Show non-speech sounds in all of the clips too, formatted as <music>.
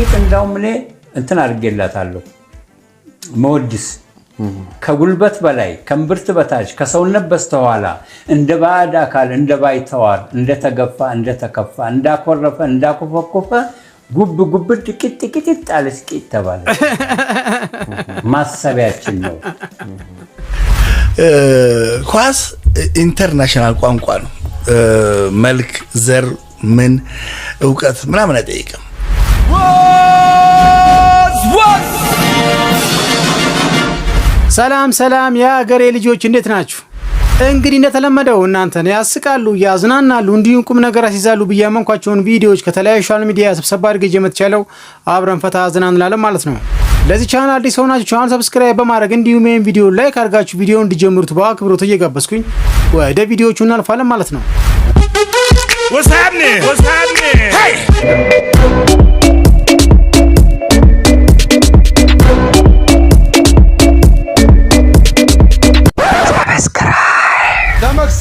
ቂጥ እንዳውም እኔ እንትን አድርጌላታለሁ። መወድስ ከጉልበት በላይ ከእምብርት በታች ከሰውነት በስተኋላ እንደ ባዕድ አካል እንደ ባይተዋር እንደተገፋ እንደተከፋ እንዳኮረፈ እንዳኮፈኮፈ ጉብ ጉብ ጥቂት ጥቂት ጣለስ ቂጥ ተባለ። ማሰቢያችን ነው። ኳስ ኢንተርናሽናል ቋንቋ ነው። መልክ፣ ዘር፣ ምን እውቀት ምናምን አይጠይቅም። ሰላም ሰላም የአገሬ ልጆች እንዴት ናችሁ? እንግዲህ እንደተለመደው እናንተን ያስቃሉ፣ ያዝናናሉ እንዲሁም ቁም ነገር ያስይዛሉ ብዬ ያመንኳቸውን ቪዲዮዎች ከተለያዩ ሶሻል ሚዲያ ስብሰባ አድርጌ የምትቻለው አብረን ፈታ አዝናን ማለት ነው። ለዚህ ቻናል አዲስ ሆናችሁ ቻናል ሰብስክራይብ በማድረግ እንዲሁም ይህን ቪዲዮ ላይክ አድርጋችሁ ቪዲዮ እንዲጀምሩት በአክብሮት እየጋበዝኩኝ ወደ ቪዲዮቹ እናልፋለን ማለት ነው።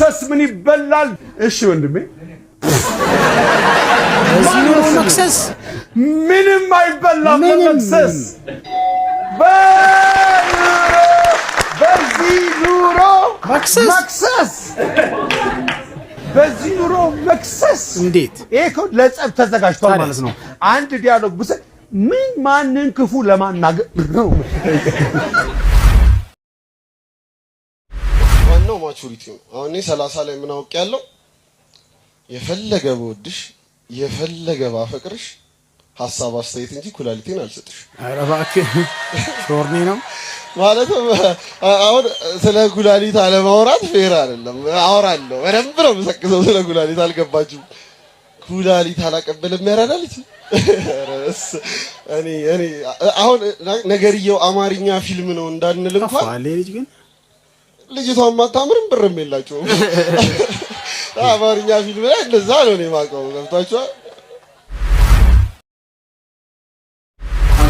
መክሰስ ምን ይበላል? እሺ ወንድሜ መክሰስ ምንም አይበላም። መክሰስ በዚህ ኑሮ መክሰስ በዚህ ኑሮ መክሰስ እንዴት! ይሄ እኮ ለጸብ ተዘጋጅቷል ማለት ነው። አንድ ዲያሎግ ብሰ ምን ማንን ክፉ ለማናገር ነው ማቹሪቲ ነው። አሁን እኔ ሰላሳ ላይ ምን አውቅ ያለው የፈለገ በወድሽ የፈለገ ባፈቅርሽ ሀሳብ አስተያየት እንጂ ኩላሊቴን አልሰጥሽ። ኧረ እባክህ ሾርኔ ነው ማለትም አሁን ስለ ኩላሊት አለማውራት ፌር አይደለም። አወራለሁ በደንብ ነው የምሰቅሰው። ስለ ኩላሊት አልገባችም። ኩላሊት አላቀበለም ያራዳል። እኔ እኔ አሁን ነገርየው አማርኛ ፊልም ነው እንዳንል እንኳን ልጅ ግን ልጅቷን ማታምርም ብርም የላቸውም። <laughs> አማርኛ ፊልም ላይ እንደዛ ነው እኔ የማውቀው። ገብቷቸዋል።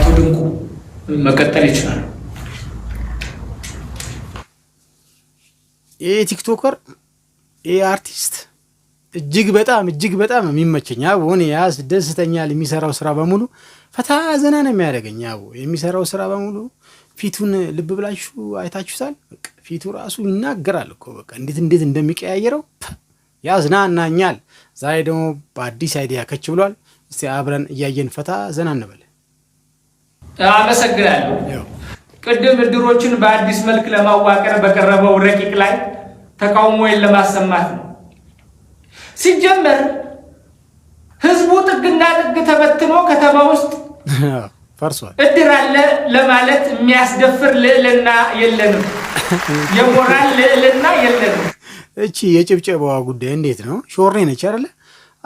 አቶ ድንቁ መቀጠል ይችላል። ይህ ቲክቶከር ይህ አርቲስት እጅግ በጣም እጅግ በጣም የሚመቸኝ አቦ እኔ ያስደስተኛል። የሚሰራው ስራ በሙሉ ፈታ ዘና ነው የሚያደርገኝ አቦ የሚሰራው ስራ በሙሉ ፊቱን ልብ ብላችሁ አይታችሁታል። ፊቱ ራሱ ይናገራል እኮ በቃ እንዴት እንዴት እንደሚቀያየረው ያዝናናኛል። ዛሬ ደግሞ በአዲስ አይዲያ ከች ብሏል። እስቲ አብረን እያየን ፈታ ዘና እንበል። አመሰግናለሁ። ቅድም እድሮችን በአዲስ መልክ ለማዋቀር በቀረበው ረቂቅ ላይ ተቃውሞን ለማሰማት ነው። ሲጀመር ህዝቡ ጥግና ጥግ ተበትኖ ከተማ ውስጥ <laughs> ፈርሷል። እድር አለ ለማለት የሚያስደፍር ልዕልና የለንም፣ <laughs> የሞራል ልዕልና የለንም። እቺ የጭብጨባዋ ጉዳይ እንዴት ነው? ሾርኔ ነች አይደለ?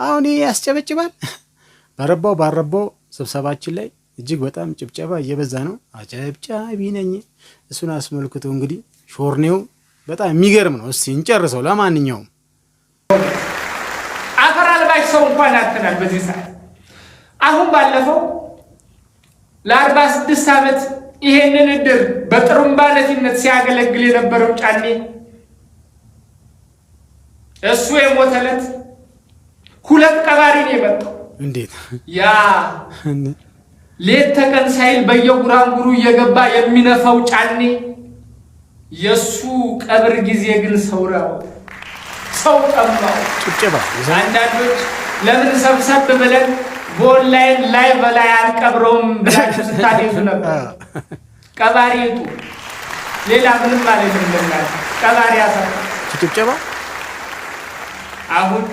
አሁን ያስጨበጭባል። በረባው <laughs> ባረባው ስብሰባችን ላይ እጅግ በጣም ጭብጨባ እየበዛ ነው። አጨብጫቢ ነኝ። እሱን አስመልክቶ እንግዲህ ሾርኔው በጣም የሚገርም ነው። እስቲ እንጨርሰው። ለማንኛውም አፈር አልባሽ ሰው እንኳን አጥተናል በዚህ ሰዓት አሁን ባለፈው ለአርባ ስድስት ዓመት ይሄንን እድር በጥሩምባ ነፊነት ሲያገለግል የነበረው ጫኔ እሱ የሞተለት ሁለት ቀባሪ ነው የመጣው። እንዴት ያ ሌት ተቀን ሳይል በየጉራንጉሩ እየገባ የሚነፋው ጫኔ የእሱ ቀብር ጊዜ ግን ሰውራው ሰው ጠባው አንዳንዶች ለምን ሰብሰብ ብለን በኦንላይን ላይ በላይ አልቀብረውም ብላችሁ ስታደሱ ነበር። ቀባሪቱ ሌላ ምንም ማለት ምንድና ቀባሪ ያሳ ጭብጨባ። አሁን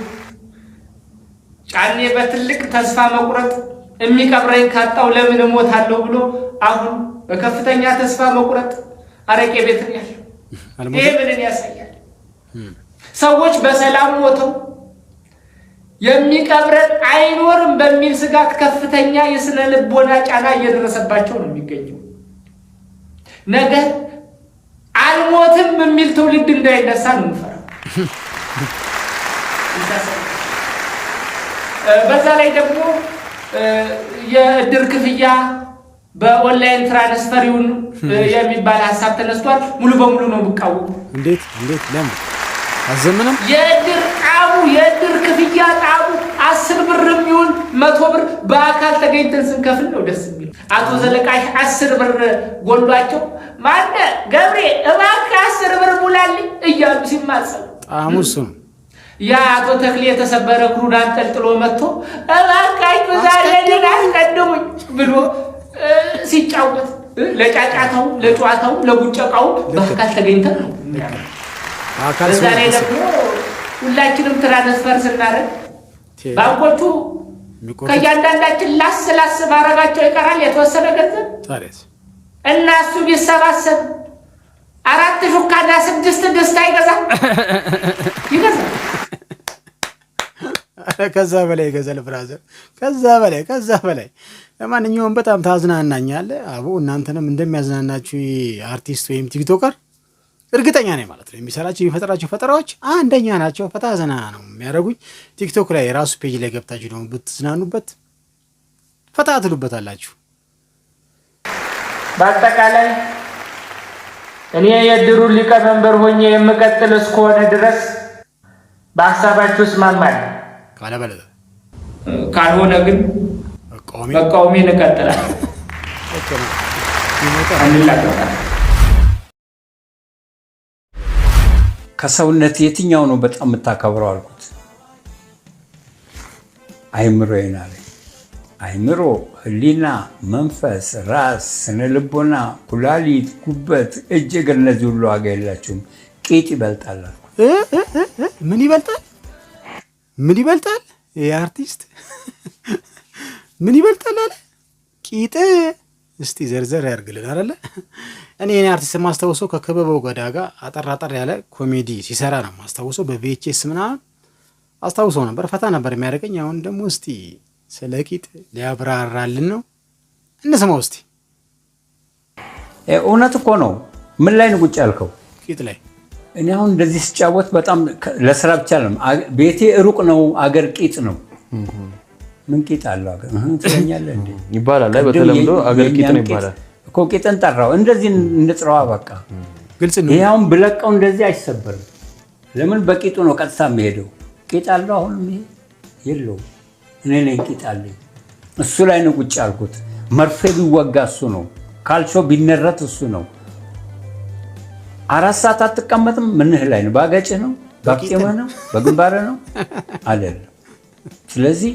ጫኔ በትልቅ ተስፋ መቁረጥ የሚቀብረኝ ካጣው ለምን እሞታለሁ ብሎ አሁን በከፍተኛ ተስፋ መቁረጥ አረቄ ቤት ያለ ያለው። ይሄ ምንን ያሳያል? ሰዎች በሰላም ሞተው የሚቀብረን አይኖርም በሚል ስጋት ከፍተኛ የስነ ልቦና ጫና እየደረሰባቸው ነው የሚገኘው። ነገ አልሞትም የሚል ትውልድ እንዳይነሳ ነው የምፈራው። በዛ ላይ ደግሞ የእድር ክፍያ በኦንላይን ትራንስፈሪውን የሚባል ሀሳብ ተነስቷል። ሙሉ በሙሉ ነው የምቃወሙ። እንዴት እንዴት ለምን አዘምንም የእድር የእድር ክፍያ ጣቡ አስር ብር የሚሆን መቶ ብር በአካል ተገኝተን ስንከፍል ነው ደስ የሚል። አቶ ዘለቃሽ አስር ብር ጎሏቸው ማነ ገብሬ እባክህ አስር ብር ሙላልኝ እያሉ ሲማጸኑ ጣሙ ያ አቶ ተክሌ የተሰበረ እግሩን አንጠልጥሎ መጥቶ እባካችሁ ዛሬ ድን አስቀድሙኝ ብሎ ሲጫወት ለጫጫታው፣ ለጨዋታው፣ ለጉጨቃው በአካል ተገኝተን ነው። እዛ ላይ ደግሞ ሁላችንም ትራንስፈር ስናደርግ ባንኮቹ ከእያንዳንዳችን ላስ ላስ ማረጋቸው ይቀራል። የተወሰነ ገንዘብ እና እሱ ቢሰባሰብ አራት ሹካና ስድስት ደስታ አይገዛም? ይገዛል። <laughs> ከዛ በላይ ይገዛል ብራዘር፣ ከዛ በላይ ከዛ በላይ። ለማንኛውም በጣም ታዝናናኛለህ አቡ። እናንተንም እንደሚያዝናናችሁ አርቲስት ወይም ቲክቶከር እርግጠኛ ነኝ ማለት ነው። የሚሰራቸው የሚፈጥራቸው ፈጠራዎች አንደኛ ናቸው። ፈታ ዘና ነው የሚያደርጉኝ። ቲክቶክ ላይ የራሱ ፔጅ ላይ ገብታችሁ ደግሞ ብትዝናኑበት ፈታ ትሉበታላችሁ። በአጠቃላይ እኔ የእድሩ ሊቀመንበር ሆኜ የምቀጥል እስከሆነ ድረስ በሀሳባችሁ እስማማለሁ። ካለበለ ካልሆነ ግን መቃወሜን እቀጥላለሁ። ከሰውነት የትኛው ነው በጣም የምታከብረው አልኩት። አይምሮ ይናል። አይምሮ፣ ህሊና፣ መንፈስ፣ ራስ፣ ስነ ልቦና፣ ኩላሊት፣ ጉበት፣ እጅ፣ እግር እነዚህ ሁሉ ዋጋ የላችሁም። ቂጥ ይበልጣል አልኩት። ምን ይበልጣል? ምን ይበልጣል? ይህ አርቲስት ምን ይበልጣል አለ ቂጥ እስቲ ዘርዘር ያርግልን አለ። እኔ እኔ አርቲስት የማስታውሰው ከክበበው ገዳ ጋር አጠራጠር ያለ ኮሜዲ ሲሰራ ነው ማስታውሶ በቪኤችኤስ ምናምን አስታውሰው ነበር፣ ፈታ ነበር የሚያደርገኝ። አሁን ደግሞ እስቲ ስለ ቂጥ ሊያብራራልን ነው፣ እንስማው እስቲ። እውነት እኮ ነው። ምን ላይ ነው ቁጭ ያልከው? ቂጥ ላይ። እኔ አሁን እንደዚህ ስጫወት በጣም ለስራ ብቻ ነው ቤቴ ሩቅ ነው፣ አገር ቂጥ ነው ምን ቂጥ አለው <laughs> ትለኛለህ እንዴ ይባላል። በተለምዶ አገር ቂጥ ነው ይባላል እኮ። ቂጥን ጠራው እንደዚህ እንጥራዋ በቃ ግልጽ ነው። ይሄውን ብለቀው እንደዚህ አይሰበርም። ለምን በቂጡ ነው ቀጥታ የሚሄደው። ቂጥ አለው አሁንም ይሄ የለውም። እኔ ነኝ ቂጥ አለኝ። እሱ ላይ ነው ቁጭ አልኩት። መርፌ ቢወጋ እሱ ነው፣ ካልቾ ቢነረት እሱ ነው። አራት ሰዓት አትቀመጥም። ምንህ ላይ ነው? ባገጭህ ነው፣ ባቄምህ ነው፣ በግንባርህ ነው <laughs> አይደለም። ስለዚህ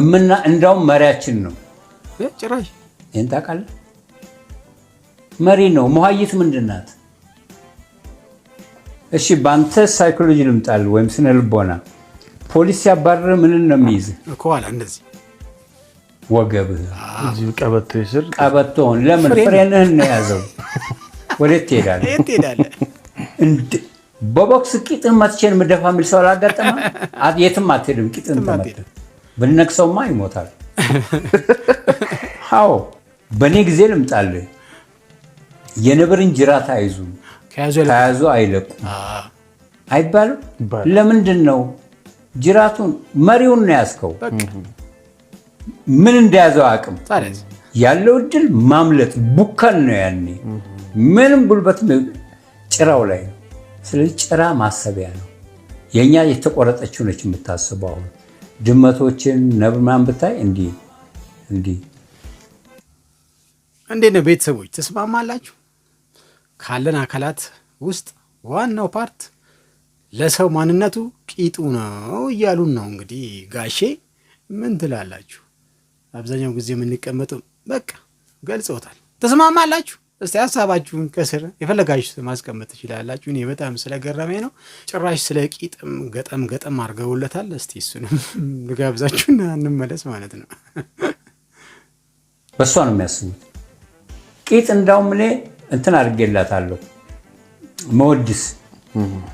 እምና እንዳውም መሪያችን ነው። ጭራሽ ይህን ታውቃለህ? መሪ ነው። መሀይት ምንድን ናት? እሺ በአንተ ሳይኮሎጂ ልምጣል ወይም ስነ ልቦና ፖሊስ ሲያባርር ምንን ነው የሚይዝህ? ከኋላ እንደዚህ ወገብህ ቀበቶህን። ለምን ፍሬንህን ነው የያዘው? <laughs> ወዴት ትሄዳለህ? በቦክስ ቂጥን መትቼን ምደፋ የሚል ሰው አላጋጠመህም? <laughs> የትም አትሄድም። ቂጥን ተመትተህ ብንነክሰውማ ይሞታል። አዎ በእኔ ጊዜ ልምጣልህ። የነብርን ጅራት አይዙ ከያዙ አይለቁ አይባልም። ለምንድን ነው ጅራቱን መሪውን ነው ያዝከው። ምን እንደያዘው አቅም ያለው እድል ማምለጥ ቡካን ነው ያኔ። ምንም ጉልበት ጭራው ላይ ነው። ስለዚህ ጭራ ማሰቢያ ነው። የእኛ የተቆረጠችው ነች የምታስበው አሁን ድመቶችን ነብማን ብታይ እንዲህ እንዲህ። እንዴት ነው ቤተሰቦች ትስማማላችሁ? ካለን አካላት ውስጥ ዋናው ፓርት ለሰው ማንነቱ ቂጡ ነው እያሉን ነው። እንግዲህ ጋሼ ምን ትላላችሁ? አብዛኛው ጊዜ የምንቀመጠው በቃ ገልጸውታል። ትስማማላችሁ? እስቲ ሀሳባችሁን ከስር የፈለጋችሁ ማስቀመጥ ትችላላችሁ። እኔ በጣም ስለገረመኝ ነው። ጭራሽ ስለ ቂጥም ገጠም ገጠም አድርገውለታል። እስቲ እሱንም <laughs> ልጋብዛችሁና እንመለስ ማለት ነው። በእሷ ነው የሚያስቡት። ቂጥ እንዳውም እኔ እንትን አድርጌላታለሁ። መወድስ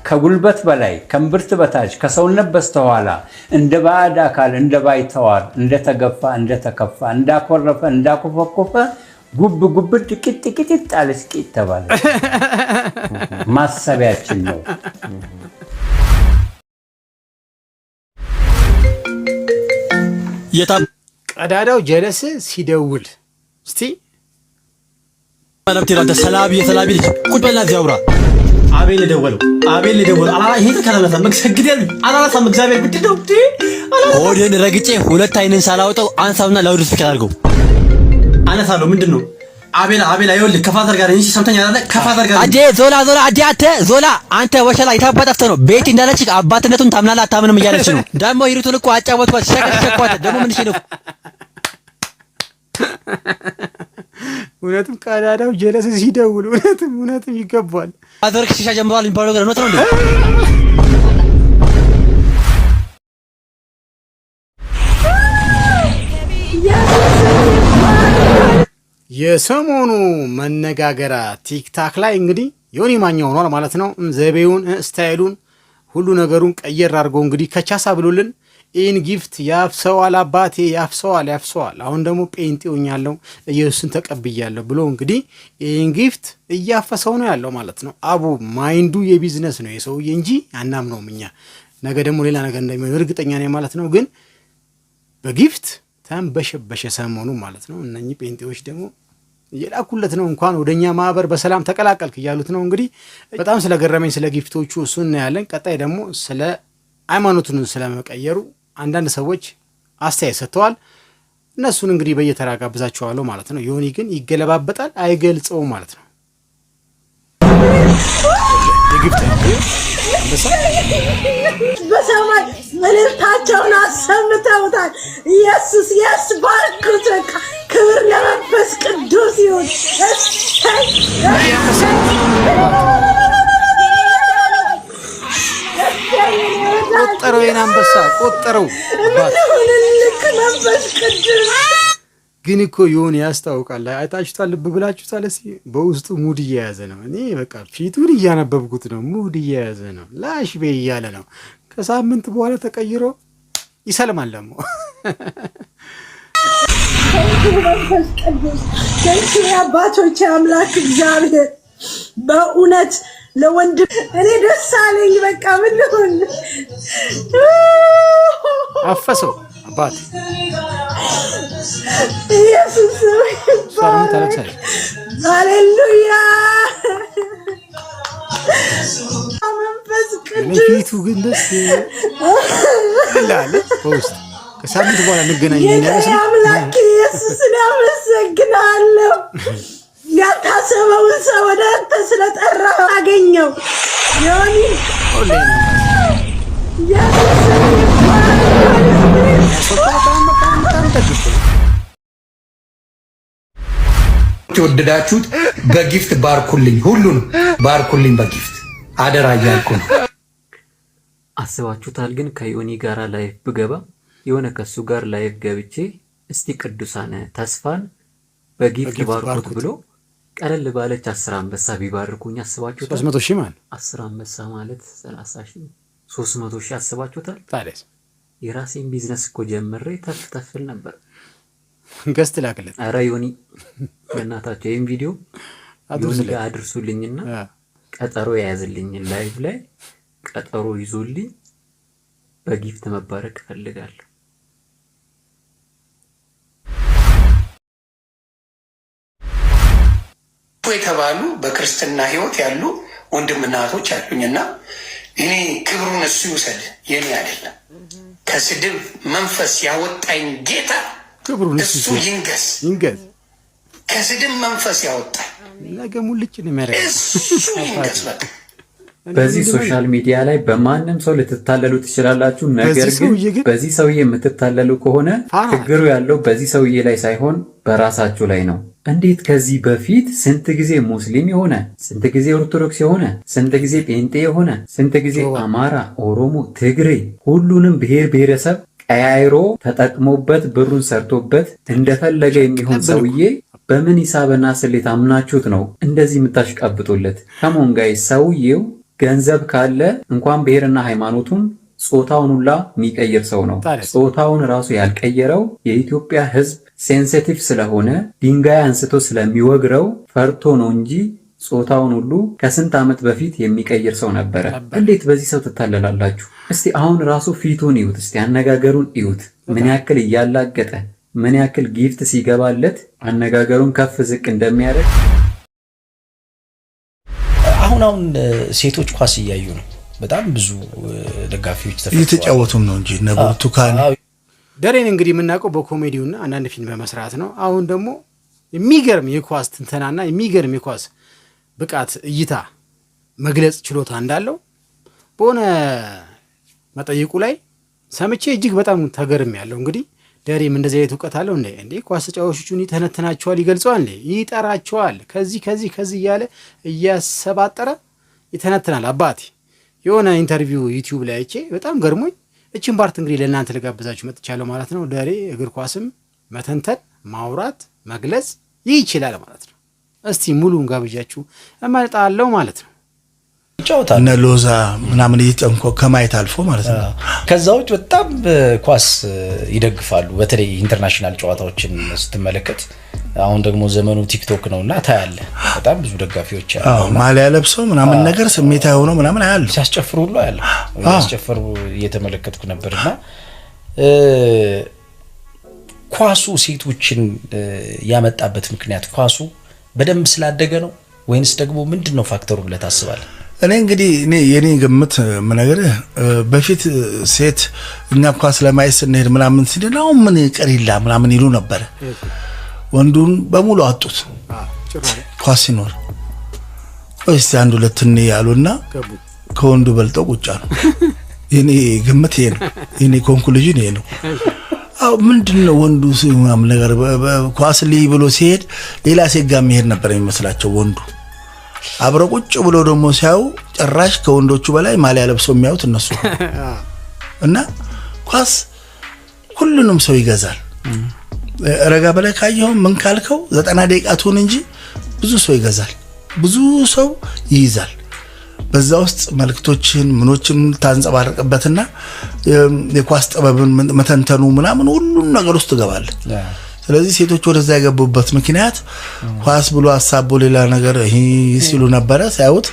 ከጉልበት በላይ ከእምብርት በታች ከሰውነት በስተኋላ እንደ ባዕድ አካል እንደ ባይተዋር እንደተገፋ እንደተከፋ እንዳኮረፈ እንዳኮፈኮፈ ጉብ ጉብ ጥቂት ጥቂት ይጣል እስኪ ይተባለ ማሰቢያችን ነው። ቀዳዳው ጀለስ ሲደውል እስቲ ሰላቢ የሰላቢ ልጅ ቁጭ በልና እዚህ አውራ አቤል የደወለው አቤል የደወለው ይሄ ካላነሳ መግሰግደል አላነሳ መግዛቤል ብድደው ሆድን ረግጬ ሁለት አይንን ሳላወጣው አንሳውና ላውድ ስፒከር አድርገው አነሳለሁ። ምንድን ነው አቤላ አቤላ፣ ይኸውልህ ከፋዘር ጋር እንጂ ሰምተኛ አይደለ? ከፋዘር ጋር አዴ ዞላ ዞላ አዴ አተ ዞላ አንተ ወሸላ የታባጣፍተ ነው ቤት እንዳለች አባትነቱን ታምናለህ አታምንም እያለች ነው። <laughs> ደግሞ ሂሩቱን እኮ አጫወትኳት፣ ሸቀጥ ሸኳት። ደግሞ ምን ነው <laughs> እውነትም ቀዳዳው ጀለስ ሲደውል እውነትም እውነትም ይገባል። አዘርክ ሲሻ ጀምሯል የሚባለው ነገር እውነት ነው እንዴ? <laughs> የሰሞኑ መነጋገሪያ ቲክታክ ላይ እንግዲህ ዮኒ ማኛ ሆኗል ማለት ነው። ዘይቤውን ስታይሉን፣ ሁሉ ነገሩን ቀየር አድርጎ እንግዲህ ከቻሳ ብሎልን ኢን ጊፍት ያፍሰዋል፣ አባቴ ያፍሰዋል፣ ያፍሰዋል። አሁን ደግሞ ጴንጤ ያለው ኢየሱስን ተቀብያለሁ ብሎ እንግዲህ ኢን ጊፍት እያፈሰው ነው ያለው ማለት ነው። አቡ ማይንዱ የቢዝነስ ነው የሰውዬ እንጂ አናምነውም እኛ። ነገ ደግሞ ሌላ ነገር እንደሚሆን እርግጠኛ ነኝ ማለት ነው። ግን በጊፍት ተንበሸበሸ ሰሞኑ ማለት ነው። እነኚህ ጴንጤዎች ደግሞ የላኩለት ነው እንኳን ወደ እኛ ማህበር በሰላም ተቀላቀልክ እያሉት ነው። እንግዲህ በጣም ስለገረመኝ ስለ ጊፍቶቹ እሱ እናያለን። ቀጣይ ደግሞ ስለ ሃይማኖቱን ስለመቀየሩ አንዳንድ ሰዎች አስተያየት ሰጥተዋል። እነሱን እንግዲህ በየተራ ጋብዛቸዋለሁ ማለት ነው። ዮኒ ግን ይገለባበጣል፣ አይገልጸውም ማለት ነው። በሰማይ መልእክታቸውን አሰምተውታል። ኢየሱስ የስ ባርኩት። ክብር ለመንፈስ ቅዱስ ይሁን። ቆጠረው፣ የኔ አንበሳ ቆጠረው። ምን መንፈስ ቅዱስ ግን እኮ የሆነ ያስታውቃል። አይታችሁታል? ልብ ብላችሁታል? እስኪ በውስጡ ሙድ እየያዘ ነው። እኔ በቃ ፊቱን እያነበብኩት ነው። ሙድ እየያዘ ነው። ላሽ ቤ እያለ ነው። ከሳምንት በኋላ ተቀይሮ ይሰልማል ደግሞ አባቶች አምላክ እግዚአብሔር በእውነት ለወንድም እኔ ደስ አለኝ። በቃ ምን ሆን አፈሰው አባት ኢየሱስ ይባረክ። ሃሌሉያ መንፈስ ቅዱስ ግን ደስ ይላል። በውስጥ ከሳምንት በኋላ እንገናኝ። አምላክ ኢየሱስን አመሰግናለሁ። ያልታሰበውን ሰው ወደ አንተ ስለጠራ አገኘው ዮኒ የወደዳችሁት በጊፍት ባርኩልኝ፣ ሁሉንም ባርኩልኝ በጊፍት አደራ እያልኩ ነው። አስባችሁታል ግን ከዮኒ ጋር ላይፍ ብገባ የሆነ ከሱ ጋር ላይፍ ገብቼ እስቲ ቅዱሳን ተስፋን በጊፍት ባርኩት ብሎ ቀለል ባለች አስር አንበሳ ቢባርኩኝ አስባችሁታል? ሶስት መቶ ማለት ሰላሳ ሺህ ሶስት መቶ ሺህ አስባችሁታል? የራሴን ቢዝነስ እኮ ጀምሬ ተፍ ተፍል ነበር። ገስት ላክለት። ኧረ ዮኒ በእናታቸው ይህም ቪዲዮ ዮኒ ጋር አድርሱልኝና ቀጠሮ የያዝልኝ ላይቭ ላይ ቀጠሮ ይዞልኝ በጊፍት መባረክ እፈልጋለሁ። የተባሉ በክርስትና ህይወት ያሉ ወንድምናቶች እናቶች አሉኝና እኔ ክብሩን እሱ ይውሰድ፣ የኔ አይደለም። ከስድብ መንፈስ ያወጣኝ ጌታ እሱ ይንገስ ይንገስ። ከስድብ መንፈስ ያወጣኝ ለገሙልጭ ነው የሚያደርገው እሱ ይንገስ በቃ። በዚህ ሶሻል ሚዲያ ላይ በማንም ሰው ልትታለሉ ትችላላችሁ። ነገር ግን በዚህ ሰውዬ የምትታለሉ ከሆነ ችግሩ ያለው በዚህ ሰውዬ ላይ ሳይሆን በራሳችሁ ላይ ነው። እንዴት ከዚህ በፊት ስንት ጊዜ ሙስሊም የሆነ ስንት ጊዜ ኦርቶዶክስ የሆነ ስንት ጊዜ ጴንጤ የሆነ ስንት ጊዜ አማራ፣ ኦሮሞ፣ ትግሬ ሁሉንም ብሔር ብሔረሰብ ቀያይሮ ተጠቅሞበት ብሩን ሰርቶበት እንደፈለገ የሚሆን ሰውዬ በምን ሂሳብና ስሌት አምናችሁት ነው እንደዚህ የምታሽቀብጡለት? ከሞን ጋይ ሰውዬው ገንዘብ ካለ እንኳን ብሔርና ሃይማኖቱን ጾታውን ሁላ የሚቀይር ሰው ነው። ጾታውን ራሱ ያልቀየረው የኢትዮጵያ ሕዝብ ሴንሲቲቭ ስለሆነ ድንጋይ አንስቶ ስለሚወግረው ፈርቶ ነው እንጂ ጾታውን ሁሉ ከስንት ዓመት በፊት የሚቀይር ሰው ነበረ። እንዴት በዚህ ሰው ትታለላላችሁ? እስቲ አሁን ራሱ ፊቱን ይዩት፣ እስቲ አነጋገሩን ይዩት፣ ምን ያክል እያላገጠ ምን ያክል ጊፍት ሲገባለት አነጋገሩን ከፍ ዝቅ እንደሚያደርግ አሁን አሁን ሴቶች ኳስ እያዩ ነው። በጣም ብዙ ደጋፊዎች እየተጫወቱም ነው እንጂ እነ ደሬን እንግዲህ የምናውቀው በኮሜዲውና አንዳንድ ፊልም በመስራት ነው። አሁን ደግሞ የሚገርም የኳስ ትንተናና የሚገርም የኳስ ብቃት እይታ መግለጽ ችሎታ እንዳለው በሆነ መጠይቁ ላይ ሰምቼ እጅግ በጣም ተገርም ያለው እንግዲህ ደሬም እንደዚህ አይነት እውቀት አለው እንዴ? እንዴ ኳስ ተጫዋቾቹን ይተነትናቸዋል፣ ይገልጸዋል፣ ይጠራቸዋል፣ ከዚህ ከዚህ ከዚህ እያለ እያሰባጠረ ይተነትናል። አባቴ የሆነ ኢንተርቪው ዩቲዩብ ላይ አይቼ በጣም ገርሞኝ እችን ፓርት እንግዲህ ለእናንተ ልጋብዛችሁ መጥቻለሁ ማለት ነው። ለሬ እግር ኳስም መተንተን፣ ማውራት፣ መግለጽ ይህ ይችላል ማለት ነው። እስቲ ሙሉን ጋብዣችሁ እመጣለሁ ማለት ነው። ይጫወታል እነ ሎዛ ምናምን እየጠንኮ ከማየት አልፎ ማለት ነው። ከዛ ውጭ በጣም ኳስ ይደግፋሉ። በተለይ ኢንተርናሽናል ጨዋታዎችን ስትመለከት አሁን ደግሞ ዘመኑ ቲክቶክ ነው እና ታያለ በጣም ብዙ ደጋፊዎች አሉ። ማሊያ ለብሰው ምናምን ነገር ስሜታ የሆነው ምናምን አያሉ ሲያስጨፍሩ ሁሉ አያለ ሲያስጨፍሩ እየተመለከትኩ ነበር እና ኳሱ ሴቶችን ያመጣበት ምክንያት ኳሱ በደንብ ስላደገ ነው ወይንስ ደግሞ ምንድን ነው ፋክተሩ ብለህ ታስባለህ? እኔ እንግዲህ እኔ የኔ ግምት ምነግርህ በፊት ሴት እኛ ኳስ ለማየት ስንሄድ ምናምን ሲል አሁን ምን ይቀር ምናምን ይሉ ነበር ወንዱን በሙሉ አጡት። ኳስ ሲኖር እስቲ አንድ ሁለት እኔ ያሉና ከወንዱ በልጠው ቁጫ ነው። <laughs> የኔ ግምት ይሄ ነው። የኔ ኮንኩሉዥን ይሄ ነው። አዎ ምንድን ነው ወንዱ ምናምን ነገር ኳስ ልይ ብሎ ሲሄድ ሌላ ሴት ጋር መሄድ ነበር የሚመስላቸው ወንዱ። አብረው ቁጭ ብሎ ደግሞ ሲያዩ ጭራሽ ከወንዶቹ በላይ ማሊያ ለብሰው የሚያዩት እነሱ <laughs> እና ኳስ ሁሉንም ሰው ይገዛል። ረጋ በላይ ካየኸው ምን ካልከው ዘጠና ደቂቃ ትሆን እንጂ ብዙ ሰው ይገዛል፣ ብዙ ሰው ይይዛል። በዛ ውስጥ መልክቶችን ምኖችን ታንጸባርቅበትና የኳስ ጥበብን መተንተኑ ምናምን ሁሉም ነገር ውስጥ ትገባለ። ስለዚህ ሴቶች ወደዛ የገቡበት ምክንያት ኳስ ብሎ አሳቦ ሌላ ነገር ሲሉ ነበረ። ሳያዩት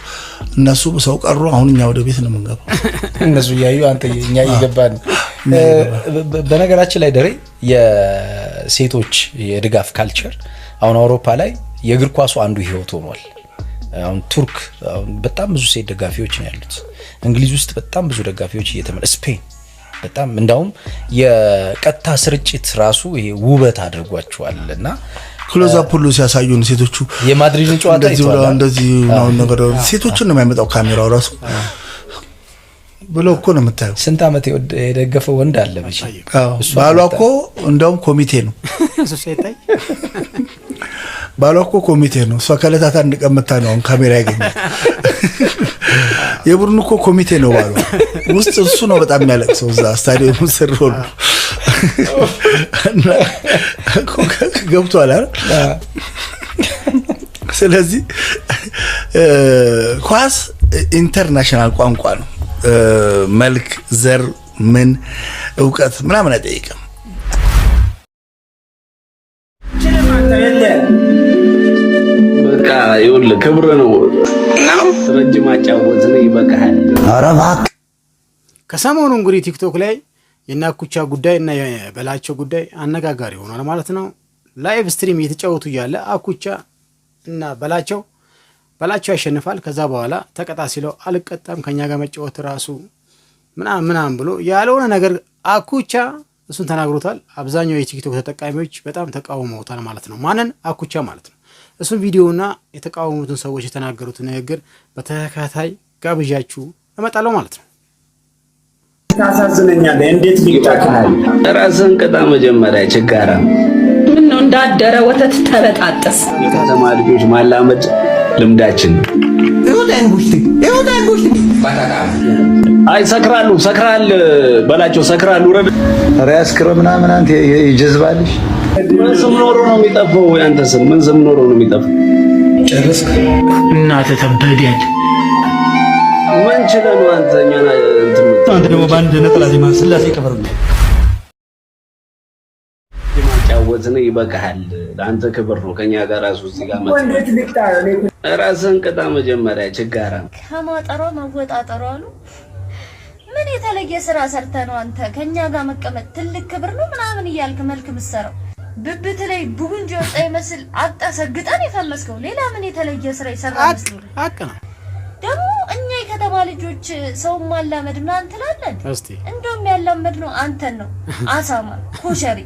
እነሱ ሰው ቀሩ። አሁን እኛ ወደ ቤት ነው የምንገባው፣ <laughs> እነሱ እያዩ አንተ እኛ እየገባን። በነገራችን ላይ ደሬ የሴቶች የድጋፍ ካልቸር አሁን አውሮፓ ላይ የእግር ኳሱ አንዱ ህይወት ሆኗል። አሁን ቱርክ በጣም ብዙ ሴት ደጋፊዎች ነው ያሉት። እንግሊዝ ውስጥ በጣም ብዙ ደጋፊዎች እየተመለ ስፔን በጣም እንዳውም የቀጥታ ስርጭት ራሱ ይሄ ውበት አድርጓቸዋል እና ክሎዛ ፖሎ ሲያሳዩን ሴቶቹ የማድሪድን ጨዋታ እንደዚህ ነው ነገር ሴቶቹን ነው የሚያመጣው ካሜራው ራሱ ብሎ እኮ ነው የምታየው። ስንት ዓመት የደገፈው ወንድ አለ። ባሏ እኮ እንደውም ኮሚቴ ነው <laughs> ባሏ እኮ ኮሚቴ ነው። እሷ ከዕለታት አንድ ቀን መታ ነው አሁን ካሜራ ያገኛል። የቡድኑ እኮ ኮሚቴ ነው ባሏ። ውስጥ እሱ ነው በጣም የሚያለቅሰው እዛ ስታዲየሙ ስር ሆኖ ገብቷል ስለዚህ ኳስ ኢንተርናሽናል ቋንቋ ነው። መልክ፣ ዘር፣ ምን እውቀት ምናምን አይጠይቅም። ይኸውልህ ክብር ነው ረጅም አጫወት ነው ይበቃሃል። ኧረ እባክህ ከሰሞኑ እንግዲህ ቲክቶክ ላይ የናኩቻ ጉዳይ እና የበላቸው ጉዳይ አነጋጋሪ ሆኗል ማለት ነው። ላይቭ ስትሪም እየተጫወቱ እያለ አኩቻ እና በላቸው በላቸው ያሸንፋል። ከዛ በኋላ ተቀጣ ሲለው አልቀጣም ከኛ ጋር መጫወት ራሱ ምናምን ምናምን ብሎ ያለሆነ ነገር አኩቻ እሱን ተናግሮታል። አብዛኛው የቲክቶክ ተጠቃሚዎች በጣም ተቃውመውታል ማለት ነው። ማንን አኩቻ ማለት ነው። እሱን ቪዲዮና የተቃወሙትን ሰዎች የተናገሩትን ንግግር በተከታታይ ጋብዣችሁ እመጣለሁ ማለት ነው። እንዴት ራስን ቅጣ መጀመሪያ ችጋራ ምን ነው እንዳደረ ወተት ተበጣጠስ የከተማ ልጆች ማላመድ ልምዳችን አይ ሰክራሉ ሰክራል በላቸው ሰክራሉ ረብ ያስክረ ምናምን አንተ ይጀዝባልሽ ምን ስም ኖሮ ነው የሚጠፋው? ያንተ ስም ምን ስም ኖሮ ነው የሚጠፋው? ጨረስክ እና ተተበደል ምን ችለህ ነው አንተ እኛና አንተ ደግሞ በአንድ ነጠላ ዜማ ስላሴ ከበረ ማጫወት ነው። ይበቃሃል። ለአንተ ክብር ነው። ከኛ ጋር ራሱ እዚህ ጋር ራስን ቅጣ። መጀመሪያ ችጋራ ከማጠሯ ማወጣጠሯ አሉ። ምን የተለየ ስራ ሰርተ ነው አንተ ከኛ ጋር መቀመጥ ትልቅ ክብር ነው ምናምን እያልክ መልክ ምሰራው ብብት ላይ ቡጉንጅ ወጣ ይመስል አጣ የፈመስከው ሌላ ምን የተለየ ስራ ይሰራ መስሎ ደግሞ እኛ የከተማ ልጆች ሰውን ማላመድ ምናምን ትላለን። እንደው የሚያላመድ ነው አንተን ነው አሳማ ኮሸሪ።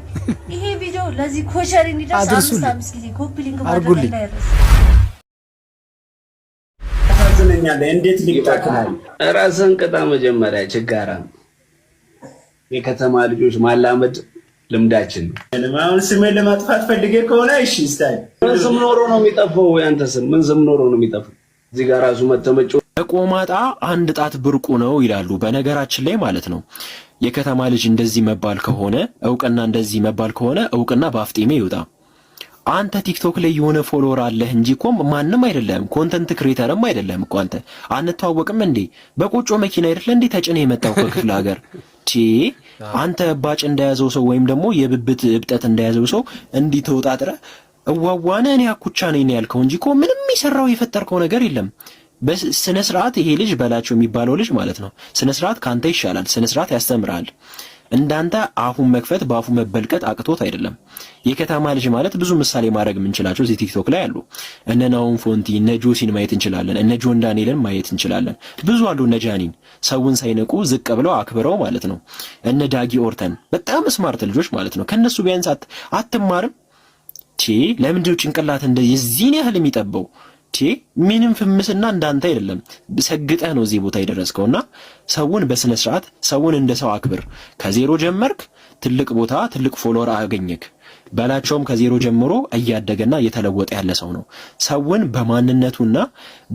ይሄ ቪዲዮ ለዚህ ኮሸሪ እንዲደርስ አምስት አምስት ጊዜ ኮፒ ሊንክ ማድረግ እንዳይረሳ። እንዴት ራስን ቅጣ መጀመሪያ ችጋራ የከተማ ልጆች ማላመድ ልምዳችን ነው። አሁን ስሜን ለማጥፋት ፈልጌ ከሆነ እሺ፣ ስታይ ምን ስም ኖሮ ነው የሚጠፋው? ያንተ ስም ምን ስም ኖሮ ነው የሚጠፋው? እዚህ ጋር ራሱ መተመጮ ለቆማጣ አንድ ጣት ብርቁ ነው ይላሉ። በነገራችን ላይ ማለት ነው የከተማ ልጅ እንደዚህ መባል ከሆነ እውቅና እንደዚህ መባል ከሆነ እውቅና በአፍጢሜ ይውጣ። አንተ ቲክቶክ ላይ የሆነ ፎሎወር አለህ እንጂ እኮ ማንም አይደለም፣ ኮንተንት ክሬተርም አይደለም እኮ አንተ አንተዋወቅም እንዴ? በቆጮ መኪና አይደለ እንዴ ተጭነህ የመጣው ከክፍለ ሀገር? አንተ እባጭ እንደያዘው ሰው ወይም ደግሞ የብብት እብጠት እንደያዘው ሰው እንዲህ ተውጣጥረ። እዋዋነ እኔ አኩቻ ነኝ ያልከው እንጂ እኮ ምንም የሰራው የፈጠርከው ነገር የለም። በስነ ስርዓት ይሄ ልጅ በላቸው የሚባለው ልጅ ማለት ነው። ስነ ስርዓት ካንተ ይሻላል። ስነ ስርዓት ያስተምራል። እንዳንተ አፉን መክፈት በአፉ መበልቀጥ አቅቶት አይደለም። የከተማ ልጅ ማለት ብዙ ምሳሌ ማድረግ የምንችላቸው እዚህ ቲክቶክ ላይ አሉ። እነ ፎንቲ፣ እነ ጆሲን ማየት እንችላለን። እነ ጆን ዳንኤልን ማየት እንችላለን። ብዙ አሉ። እነ ጃኒን ሰውን ሳይንቁ ዝቅ ብለው አክብረው ማለት ነው። እነ ዳጊ ኦርተን በጣም ስማርት ልጆች ማለት ነው። ከነሱ ቢያንስ አትማርም ቴ ለምንድነው ጭንቅላት እንደዚህ የዚህን ያህል የሚጠበው? ቴ ምንም ፍምስና እንዳንተ አይደለም፣ ሰግጠህ ነው እዚህ ቦታ የደረስከውና ሰውን በስነ ስርዓት ሰውን እንደ ሰው አክብር። ከዜሮ ጀመርክ፣ ትልቅ ቦታ ትልቅ ፎሎወር አገኘክ። በላቸውም ከዜሮ ጀምሮ እያደገና እየተለወጠ ያለ ሰው ነው። ሰውን በማንነቱና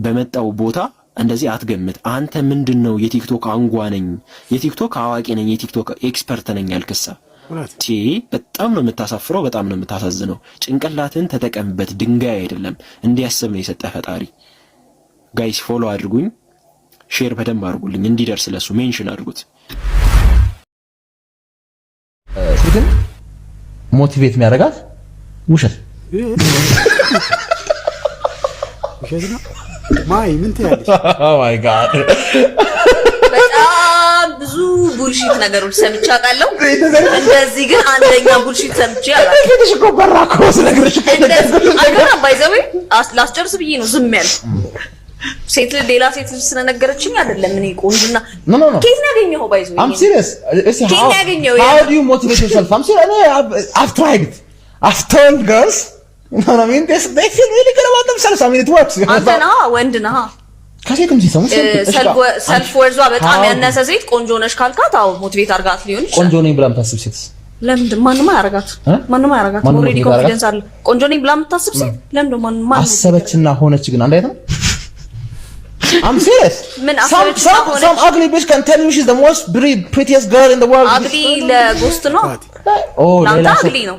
በመጣው ቦታ እንደዚህ አትገምት። አንተ ምንድን ነው የቲክቶክ አንጓ ነኝ፣ የቲክቶክ አዋቂ ነኝ፣ የቲክቶክ ኤክስፐርት ነኝ ያልክሳ ቴ በጣም ነው የምታሳፍረው፣ በጣም ነው የምታሳዝነው። ጭንቅላትን ተጠቀምበት፣ ድንጋይ አይደለም። እንዲያስብ ነው የሰጠ ፈጣሪ። ጋይስ ፎሎ አድርጉኝ፣ ሼር በደንብ አድርጉልኝ እንዲደርስ ለሱ ሜንሽን አድርጉት። ግን ሞቲቬት የሚያደርጋት ውሸት ውሸት ነው ማይ ምን ትያለሽ? ኦ ማይ ጋድ ቡልሺት ነገሮች ሰምቼ አውቃለሁ። እንደዚህ ግን አንደኛ ቡልሺት ሰምቼ እኮ ላስጨርስ ብዬ ነው ዝም ያልኩ። ሴት ሌላ ሴት ልጅ ስለነገረችኝ አይደለም። እኔ ቆንጆና ኬት ነው ያገኘኸው? ባይዘው አም ሲሪየስ እሺ፣ ኬት ነው ያገኘኸው? ሃው ዱ ዩ ሞቲቬት ዮርሰልፍ? አም ሲሪየስ እኔ አፍ ትራይድ ኢት አፍ ቶልድ ገርልስ ኖ ኖ ሚን ዲስ ዴይ ፊል ሪሊ ጉድ አባውት ዴምሰልቭስ አይ ሚን ኢት ወርክስ አንተ ነህ ወንድ ነህ ከሴትም ሲሰሙ ሰልፍ ወርዟ በጣም ያነሰ ሴት ቆንጆ ነሽ ካልካት፣ አዎ ሞቲቬት አርጋት ሊሆን ይችላል። ቆንጆ ነኝ ብላ የምታስብ ሴት ለምንድን ማንም አያረጋት? ማንም አያረጋት። ኦልሬዲ ኮንፊደንስ አለ። ቆንጆ ነኝ ብላ የምታስብ ሴት ለምንድን ማንም ማንም አሰበችና ሆነች ግን አንድ አይነት ነው። አም ሲሪየስ ምን አሰበች ለጎስት ነው። ኦ ነው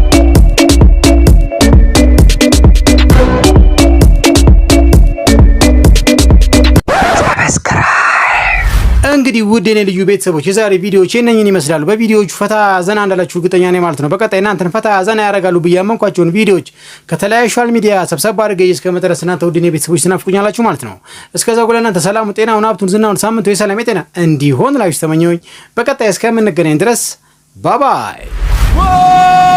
እንግዲህ ውድ የኔ ልዩ ቤተሰቦች የዛሬ ቪዲዮዎች የነኝን ይመስላሉ። በቪዲዮዎቹ ፈታ ዘና እንዳላችሁ እርግጠኛ ነኝ ማለት ነው። በቀጣይ እናንተን ፈታ ዘና ያደርጋሉ ብዬ ያመንኳቸውን ቪዲዮዎች ከተለያዩ ሶሻል ሚዲያ ሰብሰብ እስከ እስከመድረስ እናንተ ውድ የኔ ቤተሰቦች ትናፍቁኛላችሁ ማለት ነው። እስከዛ ጉለ እናንተ ሰላሙ፣ ጤናውን፣ ሀብቱን፣ ዝናውን ሳምንቱ የሰላም የጤና እንዲሆን ላችሁ በቀጣይ እስከምንገናኝ ድረስ ባባይ